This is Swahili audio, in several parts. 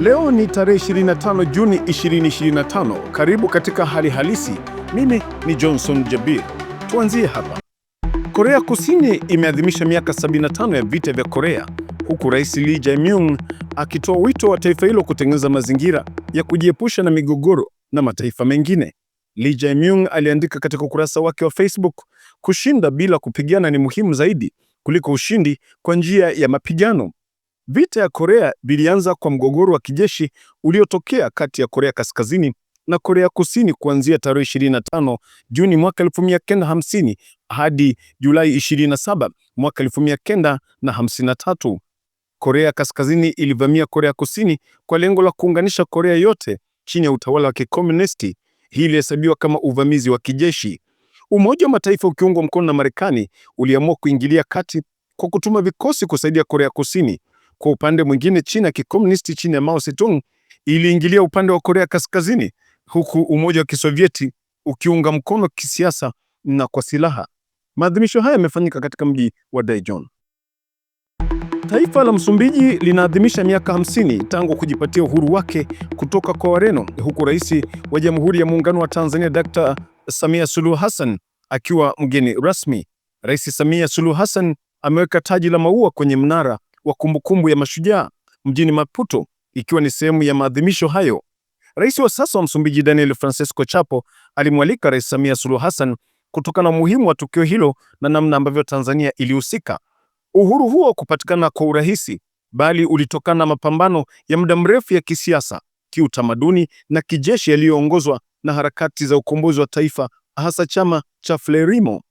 Leo ni tarehe 25 Juni 2025. Karibu katika Hali Halisi. Mimi ni Johnson Jabir. Tuanzie hapa. Korea Kusini imeadhimisha miaka 75 ya vita vya Korea, huku Rais Lee Jae-myung akitoa wito wa taifa hilo kutengeneza mazingira ya kujiepusha na migogoro na mataifa mengine. Lee Jae-myung aliandika katika ukurasa wake wa Facebook, kushinda bila kupigana ni muhimu zaidi kuliko ushindi kwa njia ya mapigano. Vita ya Korea vilianza kwa mgogoro wa kijeshi uliotokea kati ya Korea Kaskazini na Korea Kusini kuanzia tarehe 25 Juni mwaka 1950 hadi Julai 27 mwaka 1953. Korea Kaskazini ilivamia Korea Kusini kwa lengo la kuunganisha Korea yote chini ya utawala wa kikomunisti. Hii ilihesabiwa kama uvamizi wa kijeshi. Umoja wa Mataifa ukiungwa mkono na Marekani uliamua kuingilia kati kwa kutuma vikosi kusaidia Korea Kusini. Kwa upande mwingine, China kikomunisti chini ya Mao Zedong iliingilia upande wa Korea Kaskazini, huku Umoja wa Kisovieti ukiunga mkono kisiasa na kwa silaha. Maadhimisho haya yamefanyika katika mji wa Daejeon. Taifa la Msumbiji linaadhimisha miaka 50 tangu kujipatia uhuru wake kutoka kwa Wareno, huku rais wa Jamhuri ya Muungano wa Tanzania Dr. Samia Suluhu Hassan akiwa mgeni rasmi. Rais Samia Suluhu Hassan ameweka taji la maua kwenye mnara wa kumbukumbu ya mashujaa mjini Maputo, ikiwa ni sehemu ya maadhimisho hayo. Rais wa sasa wa Msumbiji Daniel Francisco Chapo alimwalika Rais Samia Suluhu Hassan kutokana na umuhimu wa tukio hilo na namna ambavyo Tanzania ilihusika. Uhuru huo kupatikana kwa urahisi, bali ulitokana na mapambano ya muda mrefu ya kisiasa, kiutamaduni na kijeshi yaliyoongozwa na harakati za ukombozi wa taifa, hasa chama cha Frelimo.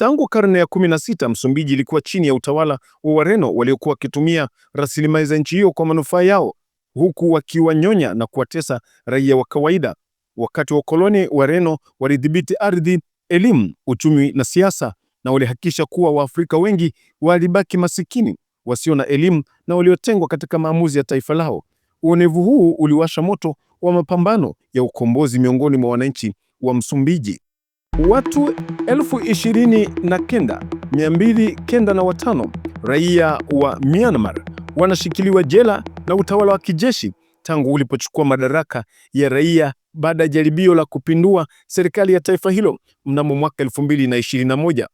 Tangu karne ya kumi na sita Msumbiji ilikuwa chini ya utawala wa Wareno waliokuwa wakitumia rasilimali za nchi hiyo kwa manufaa yao, huku wakiwanyonya na kuwatesa raia wa kawaida. Wakati wa ukoloni, Wareno walidhibiti ardhi, elimu, uchumi na siasa, na walihakikisha kuwa Waafrika wengi walibaki masikini, wasio na elimu na waliotengwa katika maamuzi ya taifa lao. Uonevu huu uliwasha moto wa mapambano ya ukombozi miongoni mwa wananchi wa Msumbiji watu elfu ishirini na kenda mia mbili kenda na watano raia wa Myanmar wanashikiliwa jela na utawala wa kijeshi tangu ulipochukua madaraka ya raia baada ya jaribio la kupindua serikali ya taifa hilo mnamo mwaka 2021.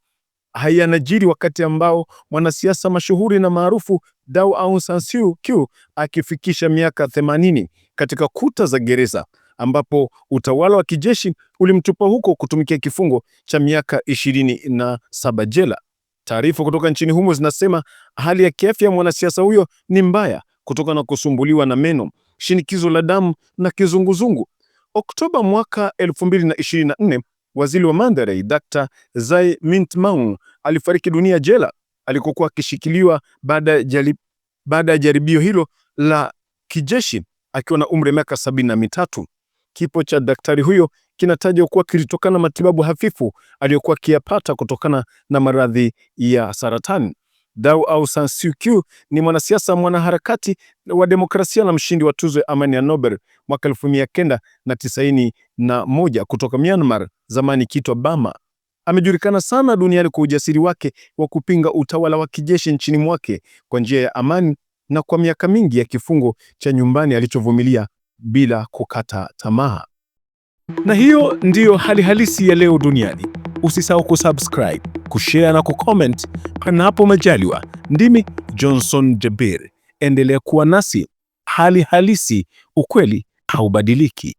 Haya yanajiri wakati ambao mwanasiasa mashuhuri na maarufu Dau Aung San Suu Kyi akifikisha miaka 80 katika kuta za gereza ambapo utawala wa kijeshi ulimtupa huko kutumikia kifungo cha miaka ishirini na saba jela. Taarifa kutoka nchini humo zinasema hali ya kiafya ya mwanasiasa huyo ni mbaya kutokana na kusumbuliwa na meno, shinikizo la damu na kizunguzungu. Oktoba mwaka 2024 waziri wa Mandhari Dr. Zai Mint alifariki dunia jela alikokuwa akishikiliwa baada ya jaribio hilo la kijeshi akiwa na umri wa miaka sabini na mitatu. Kifo cha daktari huyo kinatajwa kuwa kilitokana na matibabu hafifu aliyokuwa akiyapata kutokana na maradhi ya saratani. Dau Aung San Suu Kyi ni mwanasiasa, mwanaharakati wa demokrasia na mshindi wa tuzo ya amani ya Nobel mwaka moja kutoka Myanmar, zamani kitwa bama Amejulikana sana duniani kwa ujasiri wake wa kupinga utawala wa kijeshi nchini mwake kwa njia ya amani na kwa miaka mingi ya kifungo cha nyumbani alichovumilia bila kukata tamaa. Na hiyo ndiyo hali halisi ya leo duniani. Usisahau kusubscribe, kushare na kucomment panapo majaliwa. Ndimi Johnson Jabir, endelea kuwa nasi. Hali halisi, ukweli haubadiliki.